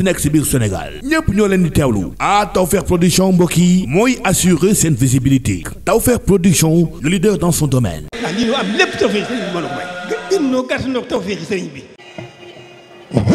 munti nekk si biir Sénégal ñépp ñoo leen di teewlu ta Tawfekh production mbokk yi mooy assurer seen visibilité Tawfekh production le leader dans son domaine. ah lii ñu am lépp Tawfekh sëriñ bi a may. gën bi.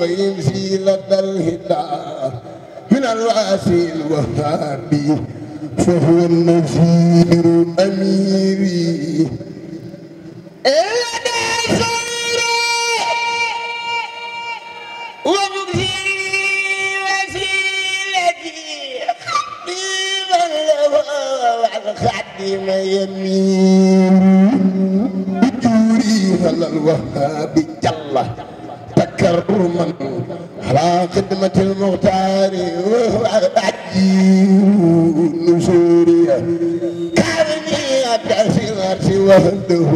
ويمشي لدى الهدى من الواسي الوهابي فهو النذير أميري خادم يمين بجوري على الوهاب جل تكرما على خدمة المختار وعجيب نسوري كرمي أبسمت وحده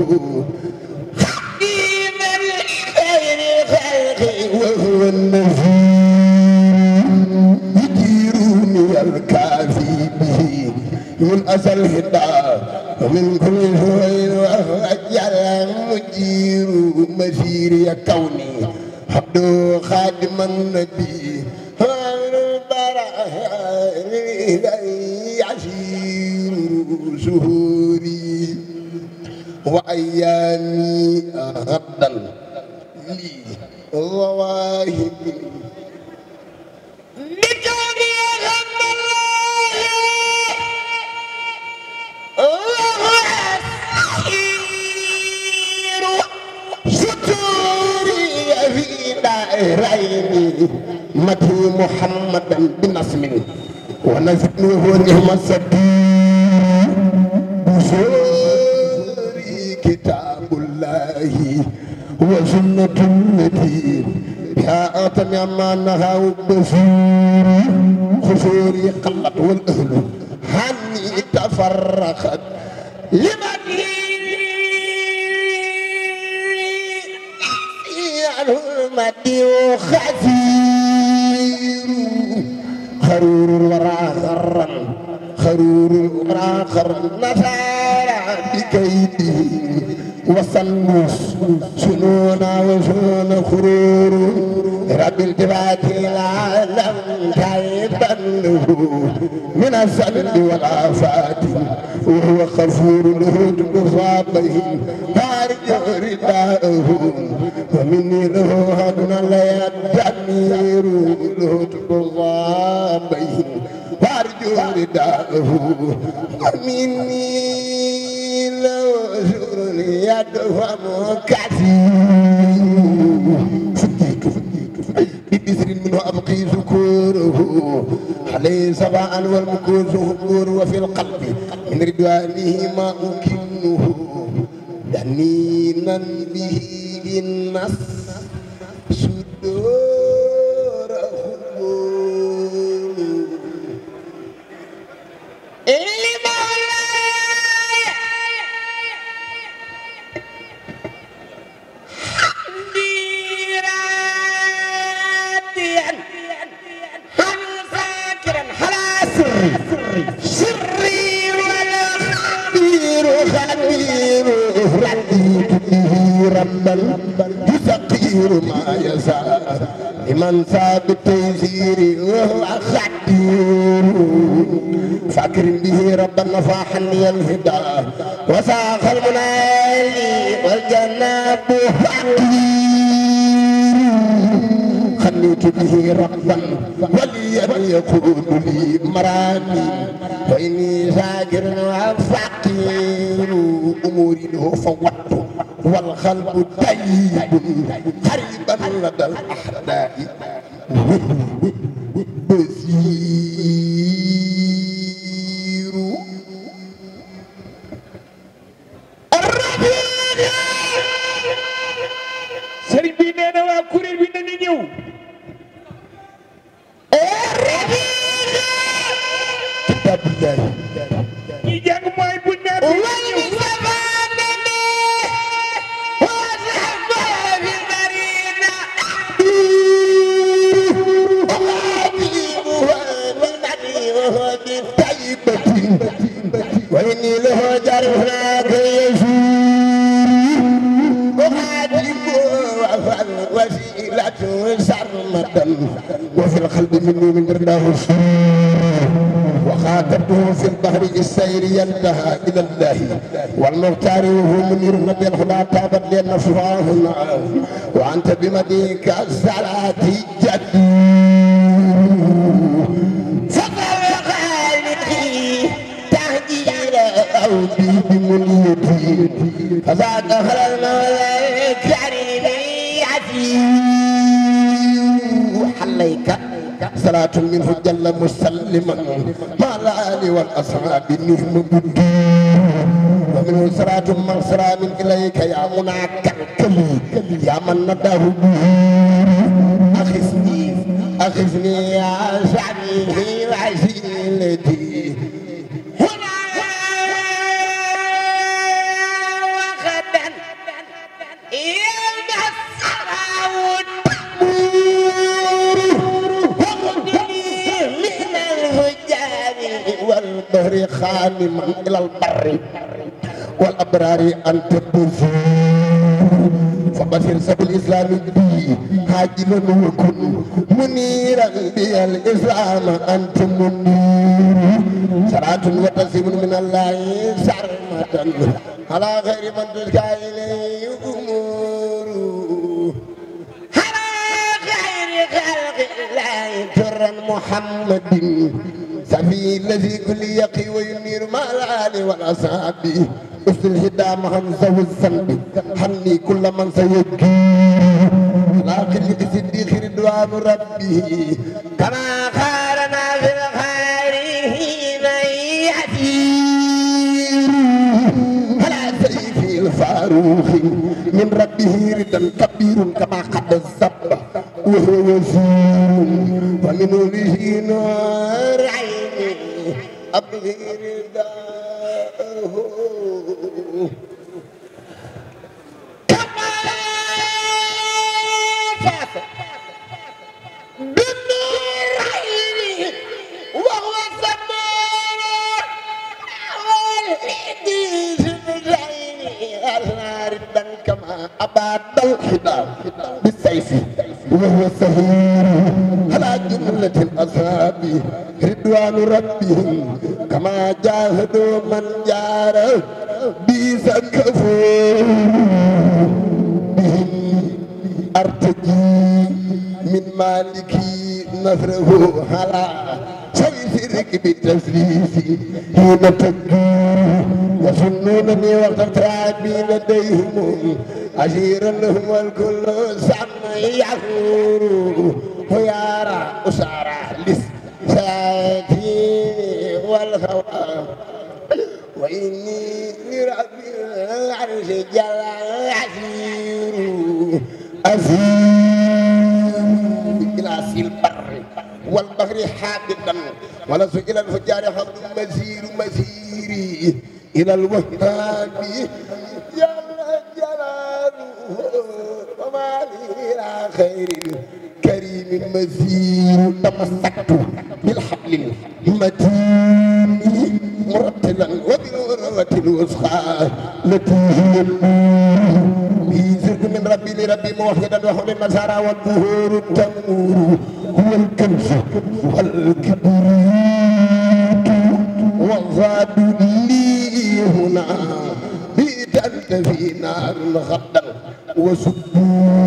خادم الخير خلقي وهو النبي من أصل الهدى ومن كل هوين وأجعل مجير مسيري كوني عبد خادم النبي عشير سهوري وأيام بنصم ونزله نعم السبيل بزوري كتاب الله وسنة النبي بها أتمع ما نهى البصير خسوري قلت والأهل هني تفرقت لمن لي الهمة وخفي خرور وراء خرا خرور وراء خر نثارا بكيده وسلموس سنونا وسنون خرور رب الجبات العالم تايبا من الذنب والآفات وهو غفور له بفاقهم بارك رداءه ومني له هدنا لا يدمير له تبغاه رداءه ومني لو زر يدفم كثير فديك فديك ببذر منه أبقي ذكوره عليه سبعا والمكور زهور وفي القلب من ردوانه ما أكنه دنينا به بالنص ما يلزى لمن صاب التيسير وهو خدير فاكر به ربا فاحني الهدى وساق المنالي والجناب حقير خليت به ربا وليا يكون لي مرامي واني شاكر وفقير اموري له فوتت والقلب طيب قريبا لدى الأحداء عاتبته في البحر السير ينتهى إلى الله والمختار وهو منير نبي الهدى تابت لأن صفاه معه وأنت بمديك الزرعات جدي فطرق لقي تهدي على أودي بمنيتي فذاك خلال مولاي الكريم يعفي حليك صلاة منه جل مسلما ما والآل والأصحاب النجم بالدين ومن سرات من سرى من إليك يا منى كالكلي يا من نداه به أخذني أخذني يا خامما إلى البر والأبرار أن تدفوا فبصر سب الإسلام بي هاجل وكن منيرا بي الإسلام أنت منير صلاة وتسليم من الله سرمة على غير من تلقى إليه أمور على غير خلق الله ترا محمد سمي الذي كل يقي وينير مع العالي والأصحاب مثل الهدام همزه السلب حني كل من سيجير لكن لصديق رضوان ربي كما خارنا في الخير من يأتير على سيف الفاروق من ربه ردا كبير كما قد الزب وهو وزير ومن وجهه نور عين أبهر داءه النار كما أباد الحدار بالسيف وهو سهير على جملة الأصحاب رضوان ربهم كما جاهدوا من جار بي سكفوا بهم أرتجي من مالكي نصره على سيسرك بالتسليس حين تجي يظنونني وقت ترابي لديهم أجيرا لهم الكل سعما يعفور ويارى أسارى لساتي والهوى وإني لرب العرش جل عسير أسير إلى سي البر والبحر حاددا ولست إلى الفجار حظ مزير مزيري إلى الوهاب xayril karimi maziru tamassaktu bil hablil matini murattilan wa bi urwatil wusqa lati hiya bi zirku min rabbi li rabbi muwahidan wa hulil masara wal buhuru tamuru huwal kanzu wal kibritu wa zadu li huna bi tantafi nar al khadda wa subbu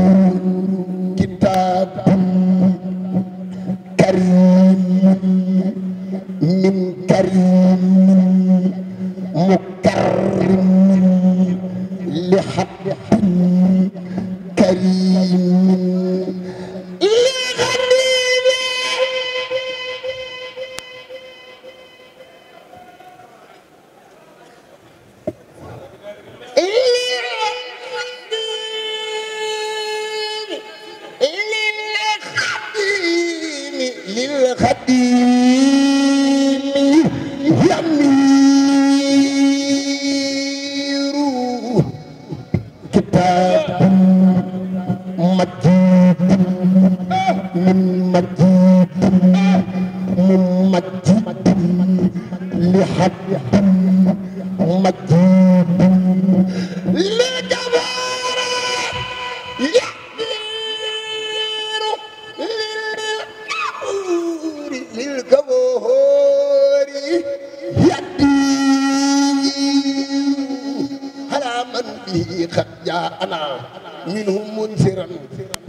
أنا منهم منفرا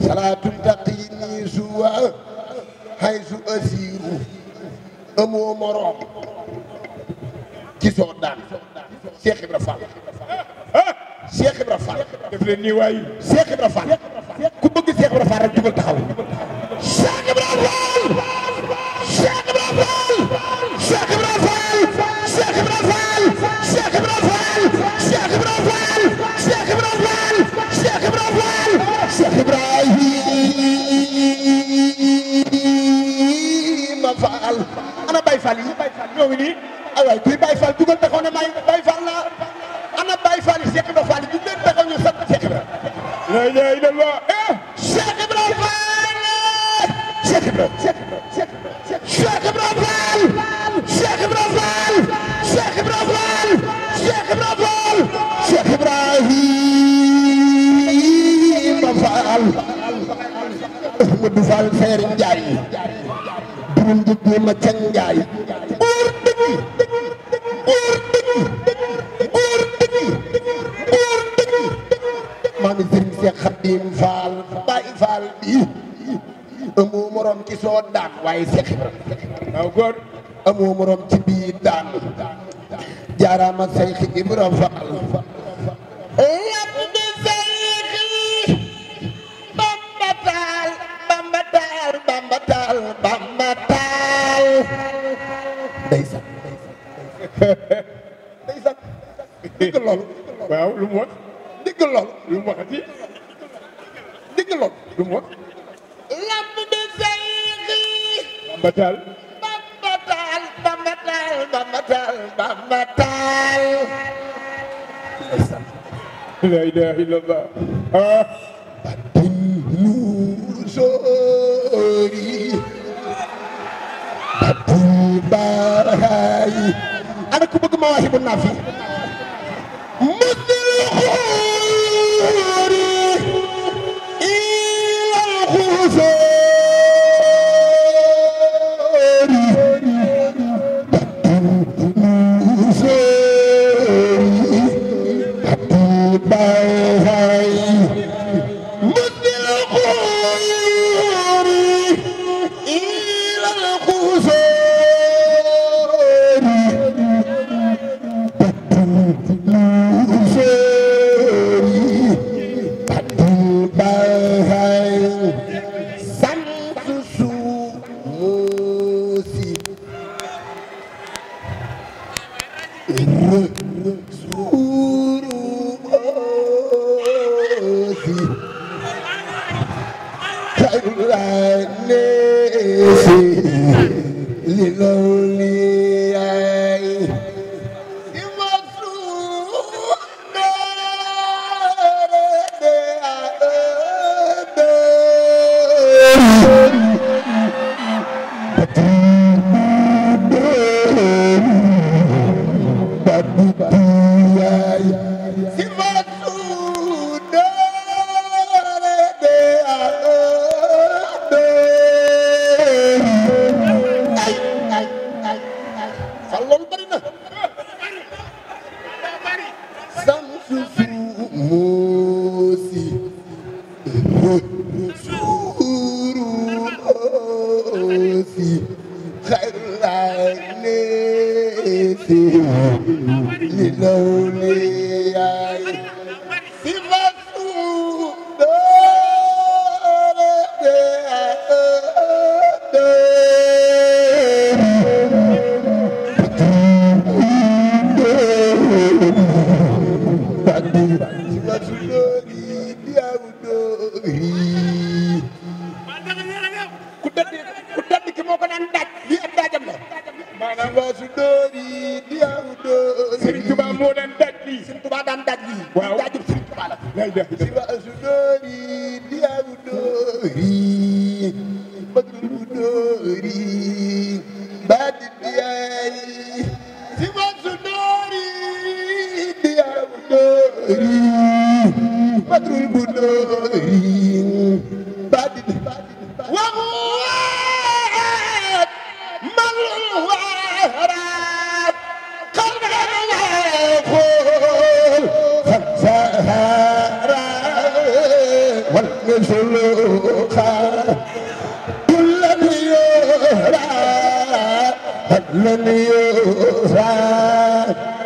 صلاة تقيني سوى حيث أسير أمو مرام gisoo daan Cheikh Ibra Fall Cheikh Ibra Fall def nii waay Cheikh Ibra Fall ñoo ngi nii aywaay kuy Baye Fall dugal Njaay burum jigéen ma can Njaay gisoo daan waaye Seex Ibra waaw góor amoo morom ci biir daan jaaraama Seex Ibra Faal labdi Seexi Bamba Taal Bamba Taal Bamba Taal Bamba Taal ndeysaan ndeysaan dégg loolu waaw lu mu wax dégg loolu lu mu waxati dégg loolu lu mu wax Bamba Tall Bamba Tall Bamba Tall Bamba Tall Bamba Tall la ilaha illallah batun ah. nusori batu baray ana ku bëgg ma waxi bu nafi muslihu للولي بدر البدور بعد وغوات مر الوهرات قلب الغفور خزهرا والمسلوخا كل يهرا هل يهرا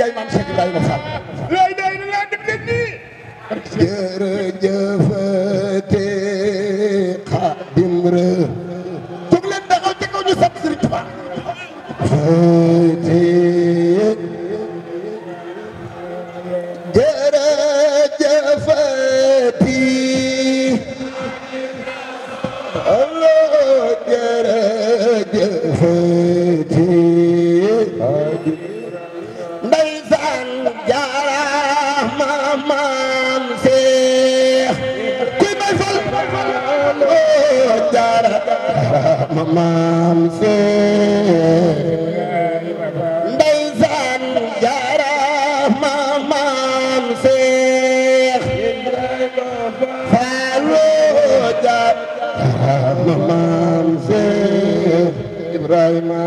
yaay maam Cheikh Ibrahima Fall maam sey ndeysaan jaaraam maam sey faaloo jaaraam maam sey Ibrahima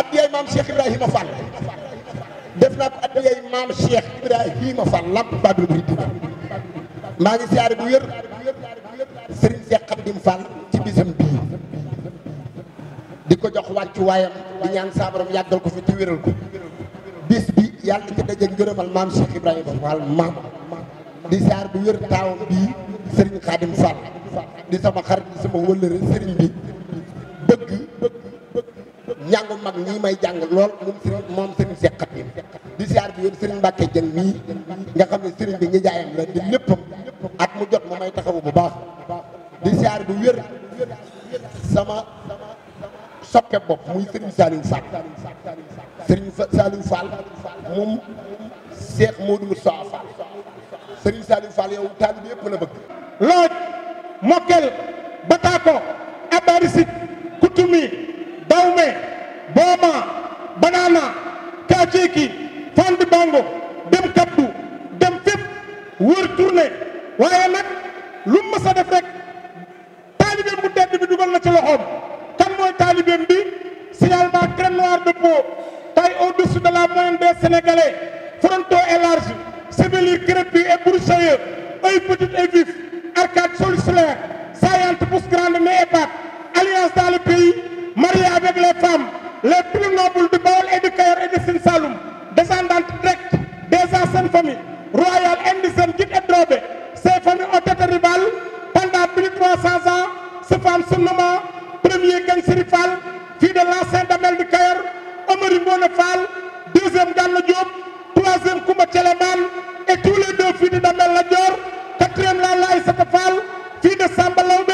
ab yaay maam Cheikh Ibrahima Fall kaddu yay maam Cheikh Ibrahima Fall làmp Badru Muridina maa ngi siyaare bu wér Serigne Cheikh Khadim Fall ci bisam bii di ko jox wàccu waayam di ñaan saa borom yàggal ko fi ci wéral ko bis bi yàlla ci daje ngërëmal maam Cheikh Ibrahima Fall maam di siyaare bu wér taawam bii Serigne Khadim Fall di sama xarit di sama wëllëre Serigne bi bëgg ñàngu mag ñi may jàng lool moom Serigne moom Serigne Cheikh di ziar bi yéen Serigne Mbacke jël mii nga xam ne Serigne bi nga jaayam la di léppam at mu jot mu may taxawu bu baax di ziar bu wér sama soppe bopp muy Serigne Saliou Fall Serigne Saliou Fall moom Cheikh Modou Moussa Fall Serigne Saliou Fall yow taalibe yépp la bëgg. looj mokkel bataako abarisit kutumi dawme booma banana kaceeki fand bango dem kaddu dem fépp wër tourné waaye nag lu mës a def bu tedd dugal na ci loxoom kan mooy taalibeem bi signalement crête noire de peau taille au-dessus de la moyenne des sénégalais fronton élargi chevelure crépue et broussailleuse œil petit et vif arcade sourcilière saillante pousse grande nez épaté alliance dans le pays mariée avec les femmes les plus nobles du Baol et du Cayor et de Sine descendante directe déjà seen famille royale indigène Djid et Drobé ces familles ont été rivales pendant plus de 300 ans se femme surnommée premier Gagne Siri Fall fille de l'ancien Damel de Kayor Omari Mbone Fall deuxième Gana Diop troisième Koumba Thieleman et tous les deux filles de Damel Ladior quatrième Lalla Aïssata Fall fille de Samba Laobé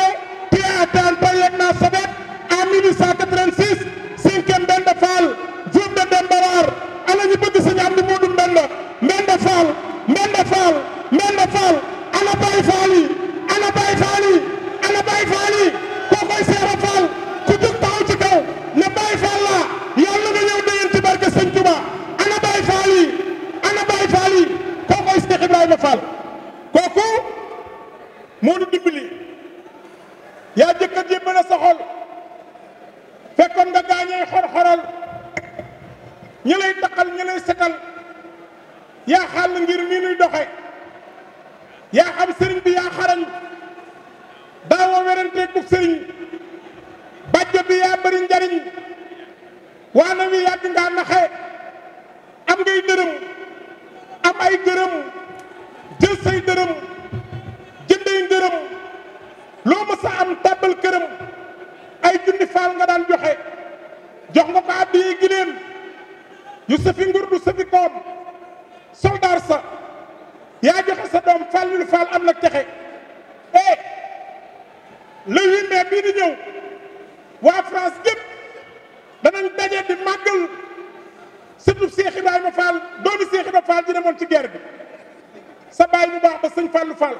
fal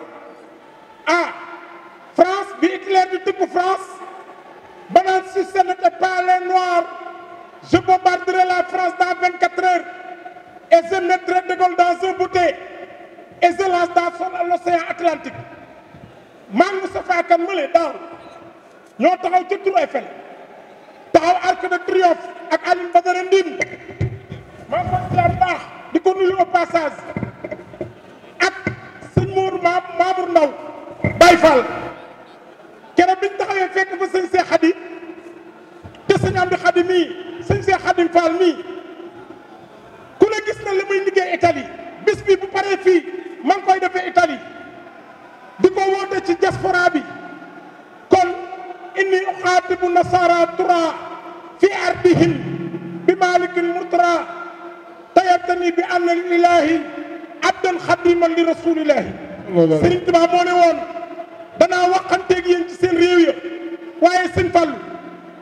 ah France bi Hitler di tibb France ba si ce n'était pas je bombarderai la France dans vingt quatre heures et je mettrai de Gaulle dans un bouteille et je lance Atlantique maa ngi Moustapha mële daaw ñoo taxaw ci Tour Eiffel taxaw Arc de ak Alioune Badara Ndine maa ngi fàttali baax di ko nuyu au passage. Ba Babour Ndaw Baye Fall keroog fekk fa sëñ xadi te sëñ Xadi mii sëñ xadi Fall mii ku la gis li muy liggéey Italie bis bi bu paree man koy defee Italie di ko woote ci diaspora bi kon inni uxaatibu nasara tura fi ardihim bi malikil mutra tayabtani bi anna lilahi abdan xadiman li rasulillahi Serigne Touba moo ne woon danaa waxanteeg yéen ci seen réew ya waaye sëñ Fallou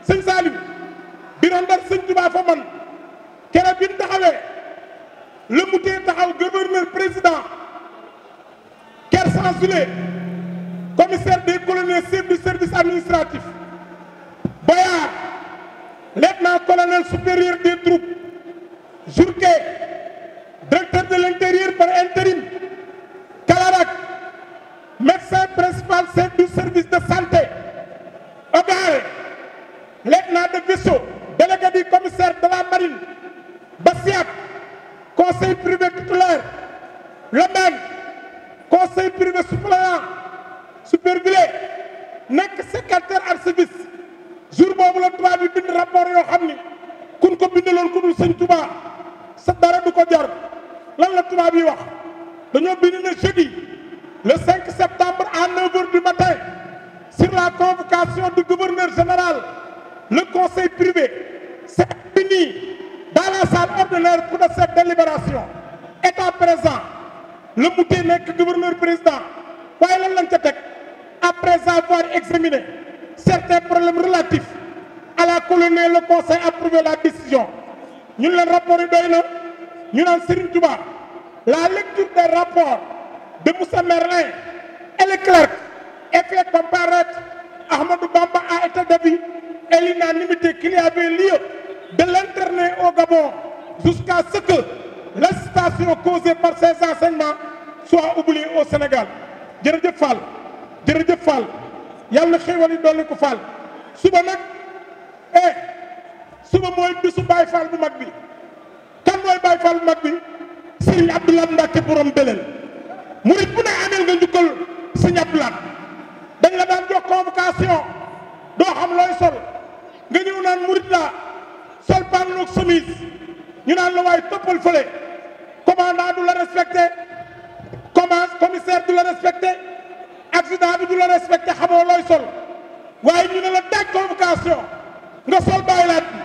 sëñ Salim bi doon dar sëñ Touba fa man keroog bi taxawee la taxaw gouverneur président Kersan Soule commissaire des colonels chef service administratif Boyard lieutenant-colonel supérieur des troupes Jourquet directeur de l'intérieur par intérim médecin principal chef du service de santé Ogare lieutenant de vaisseau délégué du commissaire de la marine Bassiat conseil privé titulaire Lomène conseil privé Supervillé nekk secrétaire archiviste jour boobu la tubaab bi bind rapport yoo xam ni kun ko bindaloon ku dul sëñ sa dara ko jar lan la tubaab yi wax dañoo bind na le 5 septembre à 9h du matin, sur la convocation du gouverneur général, le conseil privé s'est fini dans la salle ordinaire pour cette délibération. État présent, le mouté le gouverneur président, après avoir examiné certains problèmes relatifs à la colonie, le conseil a approuvé la décision. Nous le rapport de nous avons Touba. La lecture des rapports de Moussa Merlin et Leclerc et fait comparaître Ahmadou Bamba à état d'habit et l'unanimité qu'il y avait Gabon jusqu'à ce que l'agitation causée par ces enseignements soit oubliée au Sénégal jërëjëf Fall jërëjëf Fall yàlla xéewal yi ko Fall suba nag eh suba mooy bisu Baye Fall bu mag bi kan mooy Baye Fall bu mag bi Serigne Abdoulaye Mbacke borom Belel murit bu ne ameel nga njukkal sëñ Abdou Lahad dañ la daan jox convocation doo xam looy nga ñëw naan murit laa sol pantalon ak ñu naan la waaye toppal fële commandant du la respecté commande commissaire du la respecté accident bi du la respecté xamoo looy waaye ñu ne la daaj convocation nga sol bàyyi laat bi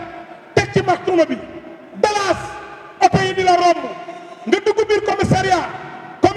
teg ci maxtuma bi dalaas oto yi la romb nga dugg biir commissariat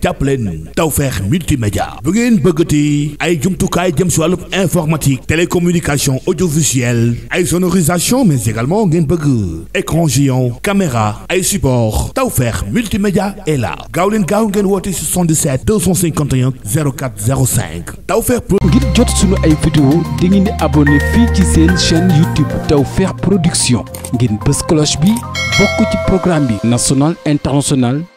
jàpp leen Tawfekh multimédia bu ngeen bëggati ay jumtukaay jëm si wàllu informatique télécommunication audiovisuelle ay sonorisation mais également ngeen bëgg écran géant caméra ay support Tawfekh multimédia est là gaaw leen gaaw ngeen woote 77 251 04 05 Tawfekh ngir jot suñu ay vidéo di ngeen di abonné fii ci seen chaîne YouTube Tawfekh production ngeen bës cloche bi bokk ci programme bi national international